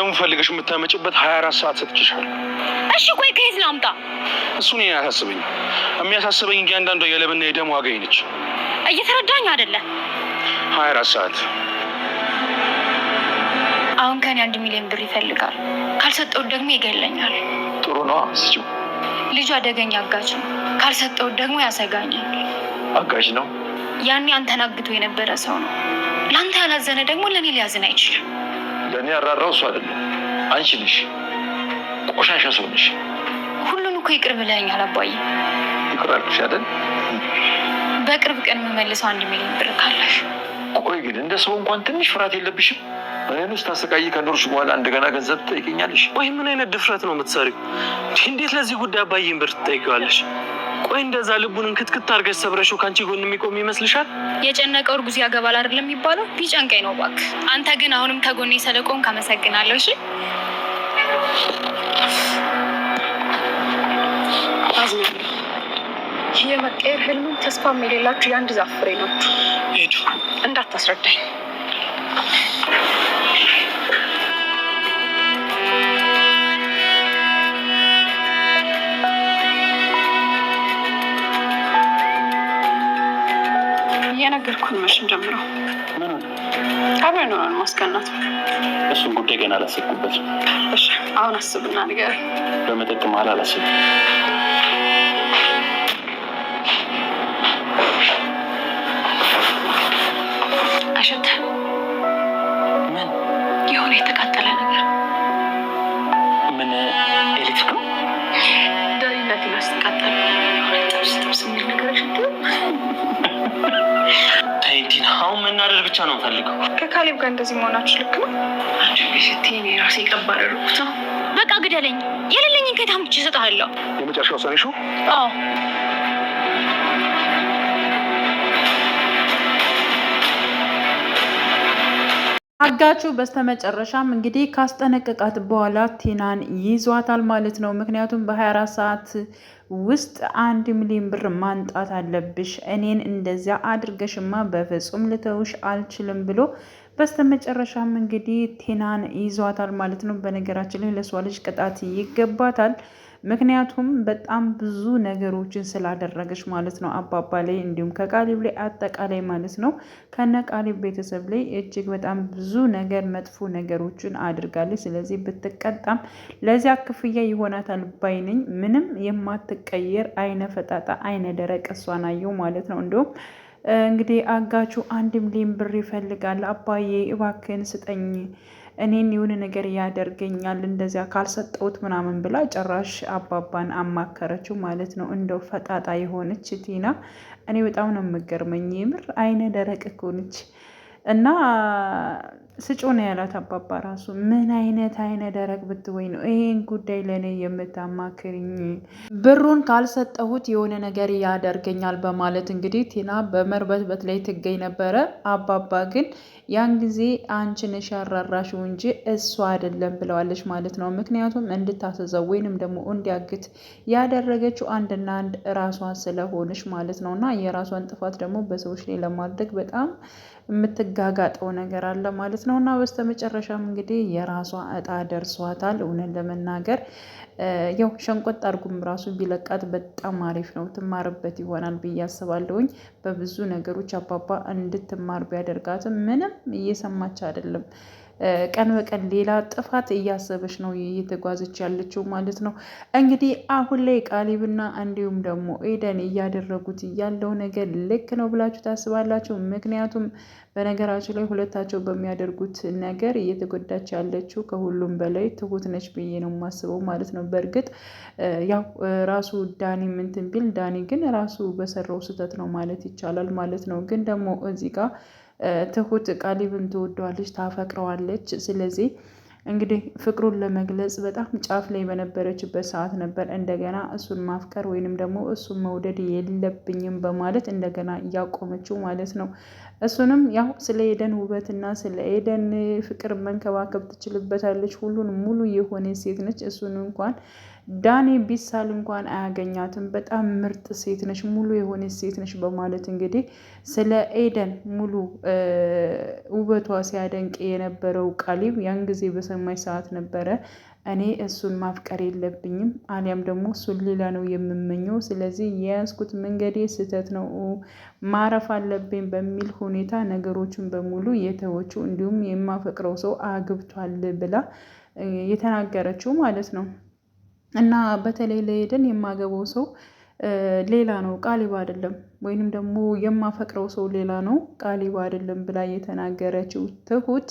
ደግሞ ፈልገሽ የምታመጭበት ሀያ አራት ሰዓት ሰጥቼሻለሁ። እሺ ቆይ ከየት ላምጣ? እሱ እኔን አያሳስበኝም። የሚያሳስበኝ እያንዳንዷ የለብና የደም ዋጋ ነች። እየተረዳኝ አይደለ? ሀያ አራት ሰዓት አሁን ከኔ አንድ ሚሊዮን ብር ይፈልጋል። ካልሰጠው ደግሞ ይገለኛል። ጥሩ ነው አስጭው። ልጁ አደገኛ አጋች ነው። ካልሰጠው ደግሞ ያሰጋኛል። አጋች ነው? ያኔ አንተን አግቶ የነበረ ሰው ነው። ለአንተ ያላዘነ ደግሞ ለእኔ ሊያዝን አይችልም። ለእኔ ያራራው እሱ አይደለም፣ አንቺ ነሽ። ቆሻሻ ሰው ነሽ። ሁሉን እኮ ይቅር ብለኸኛል አባዬ። ይቅር አልኩሽ አይደል? በቅርብ ቀን የምመልሰው አንድ ሚሊዮን ብር ካለሽ። ቆይ ግን እንደ ሰው እንኳን ትንሽ ፍርሃት የለብሽም? እኔን ውስጥ ታሰቃይ ከኖርሽ በኋላ እንደገና ገንዘብ ትጠይቀኛለሽ? ወይ ምን አይነት ድፍረት ነው የምትሰሪው? እንዴት ለዚህ ጉዳይ አባዬን ብር ትጠይቀዋለሽ? ቆይ እንደዛ ልቡን እንክትክት አርገሽ ሰብረሽው ከአንቺ ጎን የሚቆም ይመስልሻል? የጨነቀው እርጉዝ ያገባል አይደለም የሚባለው? ቢጨንቀኝ ነው እባክህ። አንተ ግን አሁንም ከጎኔ ስለቆም ካመሰግናለሁ። እሺ የመቀየር ህልምም ተስፋም የሌላችሁ የአንድ ዛፍ ፍሬ ናችሁ። እንዳታስረዳኝ ነገርኩን። መሽን ጀምሮ አብረን ሆነን ማስቀናት እሱን ጉዳይ ገና አላሰብኩበት። እሺ አሁን አስብና ንገር። በመጠጥ መሀል አላስብ አሸተ ምን የሆነ የተቃጠ እንድናደር ብቻ ነው ፈልገው። ከካሌብ ጋር እንደዚህ መሆናችሁ ልክ ነው። ስትኔ ራሴ ቀባ አደረኩት። በቃ ግደለኝ፣ የሌለኝን ከታምች አምጥቼ እሰጥሃለሁ። የመጨረሻ ውሳኔ ሹ አጋቹ በስተመጨረሻም እንግዲህ ካስጠነቀቃት በኋላ ቲናን ይዟታል ማለት ነው። ምክንያቱም በ24 ሰዓት ውስጥ አንድ ሚሊዮን ብር ማንጣት አለብሽ፣ እኔን እንደዚያ አድርገሽማ በፍጹም ልተውሽ አልችልም ብሎ በስተመጨረሻም እንግዲህ ቲናን ይዟታል ማለት ነው። በነገራችን ላይ ለሷ ልጅ ቅጣት ይገባታል። ምክንያቱም በጣም ብዙ ነገሮችን ስላደረገች ማለት ነው። አባባ ላይ እንዲሁም ከቃሊብ ላይ አጠቃላይ ማለት ነው ከነ ቃሊብ ቤተሰብ ላይ እጅግ በጣም ብዙ ነገር መጥፎ ነገሮችን አድርጋለች። ስለዚህ ብትቀጣም ለዚያ ክፍያ ይሆናታል ባይ ነኝ። ምንም የማትቀየር አይነ ፈጣጣ አይነ ደረቅ እሷን አየው ማለት ነው እንዲሁም እንግዲህ አጋቹ አንድም ሊም ብር ይፈልጋል። አባዬ እባክህን ስጠኝ እኔን የሆነ ነገር ያደርገኛል እንደዚያ ካልሰጠውት ምናምን ብላ ጭራሽ አባባን አማከረችው ማለት ነው። እንደው ፈጣጣ የሆነች ቲና እኔ በጣም ነው የምገርመኝ። የምር አይነ ደረቅ እኮ ነች። እና ስጮ ነው ያላት አባባ ራሱ ምን አይነት አይነ ደረቅ ብትወይ ነው ይሄን ጉዳይ ለእኔ የምታማክርኝ? ብሩን ካልሰጠሁት የሆነ ነገር ያደርገኛል በማለት እንግዲህ ቲና በመርበትበት ላይ ትገኝ ነበረ። አባባ ግን ያን ጊዜ አንቺን ሻራራሽው እንጂ እሱ አይደለም ብለዋለች ማለት ነው። ምክንያቱም እንድታስዘው ወይንም ደግሞ እንዲያግት ያደረገችው አንድና አንድ ራሷ ስለሆነች ማለት ነው እና የራሷን ጥፋት ደግሞ በሰዎች ላይ ለማድረግ በጣም የምትጋጋጠው ነገር አለ ማለት ነው። እና በስተመጨረሻም እንግዲህ የራሷ እጣ ደርሷታል። እውነን ለመናገር ያው ሸንቆጥ አድርጉም ራሱ ቢለቃት በጣም አሪፍ ነው፣ ትማርበት ይሆናል ብዬ አስባለሁኝ። በብዙ ነገሮች አባባ እንድትማር ቢያደርጋትም ምንም እየሰማች አይደለም። ቀን በቀን ሌላ ጥፋት እያሰበች ነው እየተጓዘች ያለችው ማለት ነው። እንግዲህ አሁን ላይ ቃሊብና እንዲሁም ደግሞ ኤደን እያደረጉት ያለው ነገር ልክ ነው ብላችሁ ታስባላችሁ? ምክንያቱም በነገራችሁ ላይ ሁለታቸው በሚያደርጉት ነገር እየተጎዳች ያለችው ከሁሉም በላይ ትሁት ነች ብዬ ነው የማስበው ማለት ነው። በእርግጥ ያው ራሱ ዳኒ ምንትን ቢል ዳኒ ግን ራሱ በሰራው ስህተት ነው ማለት ይቻላል ማለት ነው። ግን ደግሞ እዚህ ጋር ትሁት ቃሊብን ትወደዋለች፣ ታፈቅረዋለች። ስለዚህ እንግዲህ ፍቅሩን ለመግለጽ በጣም ጫፍ ላይ በነበረችበት ሰዓት ነበር እንደገና እሱን ማፍቀር ወይንም ደግሞ እሱን መውደድ የለብኝም በማለት እንደገና እያቆመችው ማለት ነው። እሱንም ያው ስለ ኤደን ውበትና ስለ ኤደን ፍቅር መንከባከብ ትችልበታለች። ሁሉን ሙሉ የሆነ ሴት ነች። እሱን እንኳን ዳኔ ቢሳል እንኳን አያገኛትም። በጣም ምርጥ ሴት ነች፣ ሙሉ የሆነ ሴት ነች በማለት እንግዲህ ስለ ኤደን ሙሉ ውበቷ ሲያደንቅ የነበረው ቃሊብ ያን ጊዜ በሰማች ሰዓት ነበረ እኔ እሱን ማፍቀር የለብኝም አሊያም ደግሞ እሱን ሌላ ነው የምመኘው። ስለዚህ የያዝኩት መንገዴ ስህተት ነው፣ ማረፍ አለብኝ በሚል ሁኔታ ነገሮችን በሙሉ የተወችው እንዲሁም የማፈቅረው ሰው አግብቷል ብላ የተናገረችው ማለት ነው። እና በተለይ ለኤደን የማገባው ሰው ሌላ ነው ቃሊብ አይደለም፣ ወይንም ደግሞ የማፈቅረው ሰው ሌላ ነው ቃሊብ አይደለም ብላ የተናገረችው ትሁት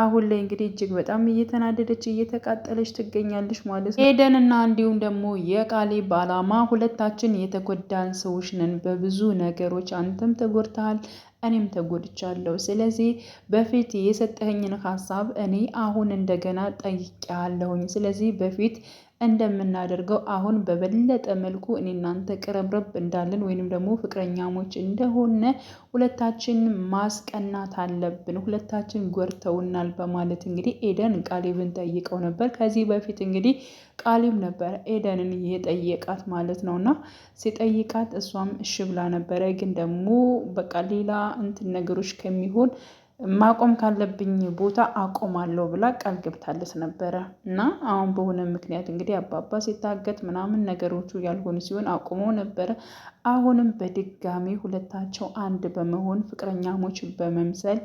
አሁን ላይ እንግዲህ እጅግ በጣም እየተናደደች እየተቃጠለች ትገኛለች ማለት ነው። ኤደን እና እንዲሁም ደግሞ የቃሊብ አላማ ሁለታችን የተጎዳን ሰዎች ነን በብዙ ነገሮች፣ አንተም ተጎድተሃል፣ እኔም ተጎድቻለሁ። ስለዚህ በፊት የሰጠኸኝን ሀሳብ እኔ አሁን እንደገና ጠይቄያለሁኝ። ስለዚህ በፊት እንደምናደርገው አሁን በበለጠ መልኩ እኔ እናንተ ቅርብርብ እንዳለን ወይንም ደግሞ ፍቅረኛሞች እንደሆነ ሁለታችን ማስቀናት አለብን፣ ሁለታችን ጎርተውናል በማለት እንግዲህ ኤደን ቃሌብን ጠይቀው ነበር። ከዚህ በፊት እንግዲህ ቃሊብ ነበረ ኤደንን የጠየቃት ማለት ነው። እና ሲጠይቃት እሷም እሽ ብላ ነበረ። ግን ደግሞ በቃ ሌላ እንትን ነገሮች ከሚሆን ማቆም ካለብኝ ቦታ አቆማለሁ ብላ ቃል ገብታለት ነበረ እና አሁን በሆነ ምክንያት እንግዲህ አባባ ሲታገት ምናምን ነገሮቹ ያልሆኑ ሲሆን አቁሞ ነበረ። አሁንም በድጋሚ ሁለታቸው አንድ በመሆን ፍቅረኛሞች በመምሰል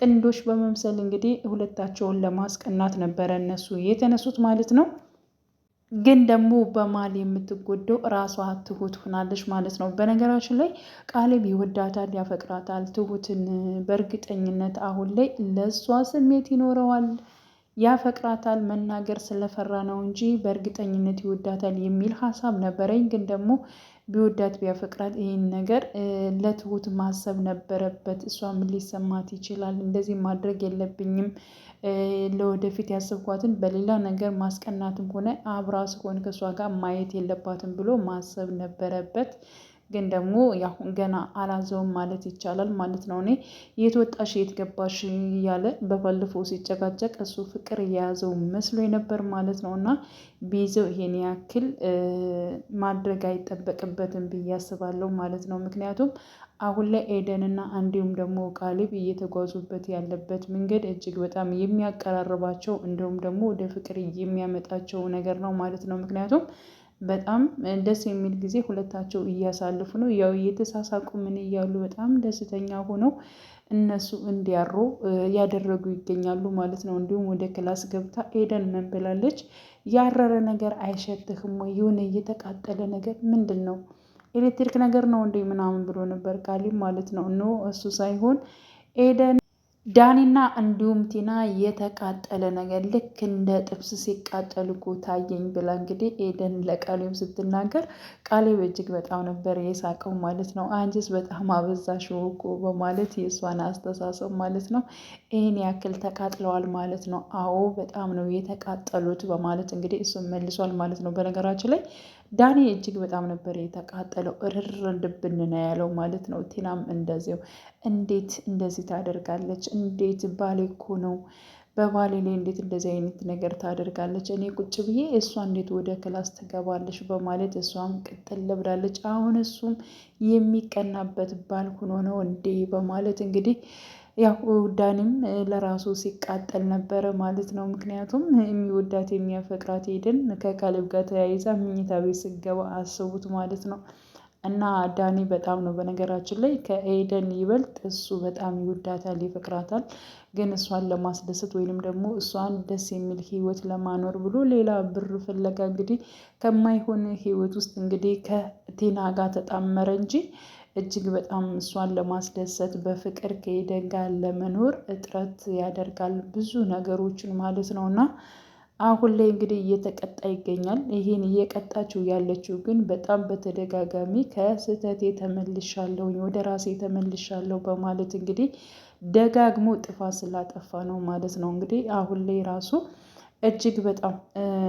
ጥንዶች በመምሰል እንግዲህ ሁለታቸውን ለማስቀናት ነበረ እነሱ የተነሱት ማለት ነው። ግን ደግሞ በማል የምትጎደው ራሷ ትሁት ሆናለች ማለት ነው። በነገራችን ላይ ቃሌብ ይወዳታል፣ ያፈቅራታል ትሁትን በእርግጠኝነት አሁን ላይ ለእሷ ስሜት ይኖረዋል፣ ያፈቅራታል። መናገር ስለፈራ ነው እንጂ በእርግጠኝነት ይወዳታል የሚል ሀሳብ ነበረኝ። ግን ደግሞ ቢወዳት ቢያፈቅራት ይህን ነገር ለትሁት ማሰብ ነበረበት። እሷ ምን ሊሰማት ይችላል? እንደዚህ ማድረግ የለብኝም ለወደፊት ያሰብኳትን በሌላ ነገር ማስቀናትም ሆነ አብራ ስሆን ከእሷ ጋር ማየት የለባትም ብሎ ማሰብ ነበረበት። ግን ደግሞ ያው ገና አላዘውም ማለት ይቻላል ማለት ነው። እኔ የት ወጣሽ የት ገባሽ እያለ በባለፈው ሲጨቃጨቅ እሱ ፍቅር የያዘው መስሎ ነበር ማለት ነው። እና ቢይዘው ይሄን ያክል ማድረግ አይጠበቅበትም ብዬ አስባለሁ ማለት ነው። ምክንያቱም አሁን ላይ ኤደንና እንዲሁም ደግሞ ቃሊብ እየተጓዙበት ያለበት መንገድ እጅግ በጣም የሚያቀራርባቸው እንዲሁም ደግሞ ወደ ፍቅር የሚያመጣቸው ነገር ነው ማለት ነው። ምክንያቱም በጣም ደስ የሚል ጊዜ ሁለታቸው እያሳለፉ ነው። ያው እየተሳሳቁ ምን እያሉ በጣም ደስተኛ ሆነው እነሱ እንዲያሩ ያደረጉ ይገኛሉ ማለት ነው። እንዲሁም ወደ ክላስ ገብታ ኤደን ምን ብላለች? ያረረ ነገር አይሸትህም ወይ? የሆነ እየተቃጠለ ነገር ምንድን ነው? ኤሌክትሪክ ነገር ነው እንዴ ምናምን ብሎ ነበር ቃሊም ማለት ነው። ኖ እሱ ሳይሆን ኤደን ዳኒና እንዲሁም ቲና የተቃጠለ ነገር ልክ እንደ ጥብስ ሲቃጠል እኮ ታየኝ ብላ እንግዲህ ኤደን ለቃሌብ ስትናገር ቃሌብ እጅግ በጣም ነበር የሳቀው ማለት ነው። አንቺስ በጣም አበዛሽው እኮ በማለት የእሷን አስተሳሰብ ማለት ነው ይህን ያክል ተቃጥለዋል ማለት ነው። አዎ በጣም ነው የተቃጠሉት በማለት እንግዲህ እሱም መልሷል ማለት ነው። በነገራችን ላይ ዳኒ እጅግ በጣም ነበር የተቃጠለው። እርር ልብን ያለው ማለት ነው። ቲናም እንደዚው እንዴት እንደዚህ ታደርጋለች? እንዴት ባሌ እኮ ነው በባሌ ላይ እንዴት እንደዚህ አይነት ነገር ታደርጋለች? እኔ ቁጭ ብዬ እሷ እንዴት ወደ ክላስ ትገባለች? በማለት እሷም ቅጥል ብላለች። አሁን እሱም የሚቀናበት ባል ሆኖ ነው እንዴ? በማለት እንግዲህ ያው ዳኒም ለራሱ ሲቃጠል ነበረ ማለት ነው። ምክንያቱም የሚወዳት የሚያፈቅራት ሄደን ከካሌብ ጋር ተያይዛ ምኝታ ቤት ስገባ አስቡት ማለት ነው። እና ዳኒ በጣም ነው በነገራችን ላይ ከኤደን ይበልጥ እሱ በጣም ይወዳታል፣ ይፈቅራታል። ግን እሷን ለማስደሰት ወይንም ደግሞ እሷን ደስ የሚል ህይወት ለማኖር ብሎ ሌላ ብር ፍለጋ እንግዲህ ከማይሆን ህይወት ውስጥ እንግዲህ ከቴና ጋር ተጣመረ እንጂ እጅግ በጣም እሷን ለማስደሰት በፍቅር ከሄደን ጋር ለመኖር እጥረት ያደርጋል ብዙ ነገሮችን ማለት ነው እና አሁን ላይ እንግዲህ እየተቀጣ ይገኛል። ይህን እየቀጣችው ያለችው ግን በጣም በተደጋጋሚ ከስህተቴ ተመልሻለሁ፣ ወደ ራሴ ተመልሻለሁ በማለት እንግዲህ ደጋግሞ ጥፋት ስላጠፋ ነው ማለት ነው። እንግዲህ አሁን ላይ ራሱ እጅግ በጣም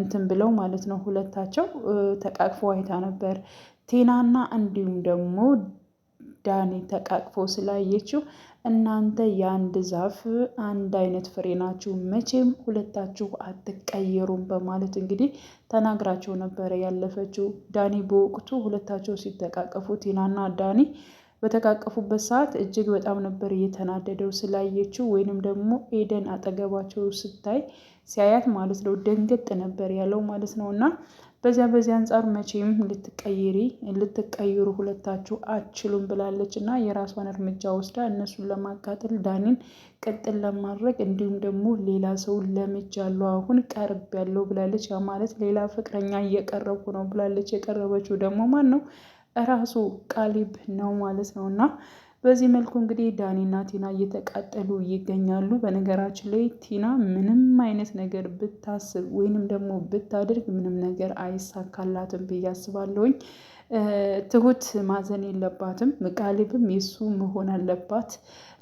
እንትን ብለው ማለት ነው ሁለታቸው ተቃቅፎ አይታ ነበር ቴናና እንዲሁም ደግሞ ዳኒ ተቃቅፎ ስላየችው እናንተ የአንድ ዛፍ አንድ አይነት ፍሬ ናችሁ፣ መቼም ሁለታችሁ አትቀየሩም በማለት እንግዲህ ተናግራቸው ነበረ ያለፈችው። ዳኒ በወቅቱ ሁለታቸው ሲተቃቀፉ ቲናና ዳኒ በተቃቀፉበት ሰዓት እጅግ በጣም ነበር እየተናደደው ስላየችው፣ ወይንም ደግሞ ኤደን አጠገባቸው ስታይ ሲያያት ማለት ነው ደንገጥ ነበር ያለው ማለት ነው እና በዚያ በዚያ አንጻር መቼም ልትቀይሪ ልትቀይሩ ሁለታችሁ አችሉም ብላለች እና የራሷን እርምጃ ወስዳ እነሱን ለማቃጠል ዳኒን ቅጥል ለማድረግ እንዲሁም ደግሞ ሌላ ሰው ለምጅ ያለው አሁን ቀርብ ያለው ብላለች። ያ ማለት ሌላ ፍቅረኛ እየቀረብኩ ነው ብላለች። የቀረበችው ደግሞ ማን ነው? እራሱ ቃሊብ ነው ማለት ነው እና በዚህ መልኩ እንግዲህ ዳኒና ቲና እየተቃጠሉ ይገኛሉ። በነገራችን ላይ ቲና ምንም አይነት ነገር ብታስብ ወይንም ደግሞ ብታደርግ ምንም ነገር አይሳካላትም ብዬ አስባለሁኝ። ትሁት ማዘን የለባትም። ምቃሌብም የሱ መሆን አለባት።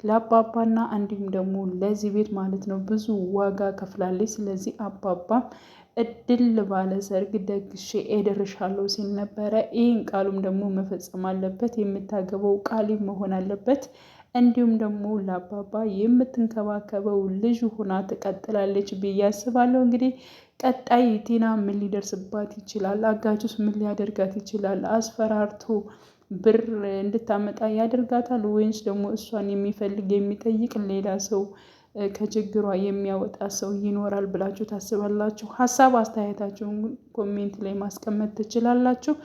ለአባባና እንዲሁም ደግሞ ለዚህ ቤት ማለት ነው ብዙ ዋጋ ከፍላለች። ስለዚህ አባባም እድል ባለ ሰርግ ደግሼ እደርሻለሁ ሲል ነበረ። ይህን ቃሉም ደግሞ መፈጸም አለበት፣ የምታገበው ቃሊ መሆን አለበት። እንዲሁም ደግሞ ለአባባ የምትንከባከበው ልጅ ሆና ትቀጥላለች ብዬ አስባለሁ። እንግዲህ ቀጣይ ቲና ምን ሊደርስባት ይችላል? አጋጁስ ምን ሊያደርጋት ይችላል? አስፈራርቶ ብር እንድታመጣ ያደርጋታል ወይንስ ደግሞ እሷን የሚፈልግ የሚጠይቅ ሌላ ሰው ከችግሯ የሚያወጣ ሰው ይኖራል ብላችሁ ታስባላችሁ? ሀሳብ አስተያየታችሁን ኮሜንት ላይ ማስቀመጥ ትችላላችሁ።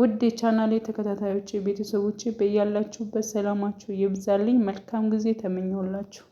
ውድ የቻናሌ ተከታታዮች ቤተሰቦች በያላችሁበት ሰላማችሁ ይብዛልኝ። መልካም ጊዜ ተመኘሁላችሁ።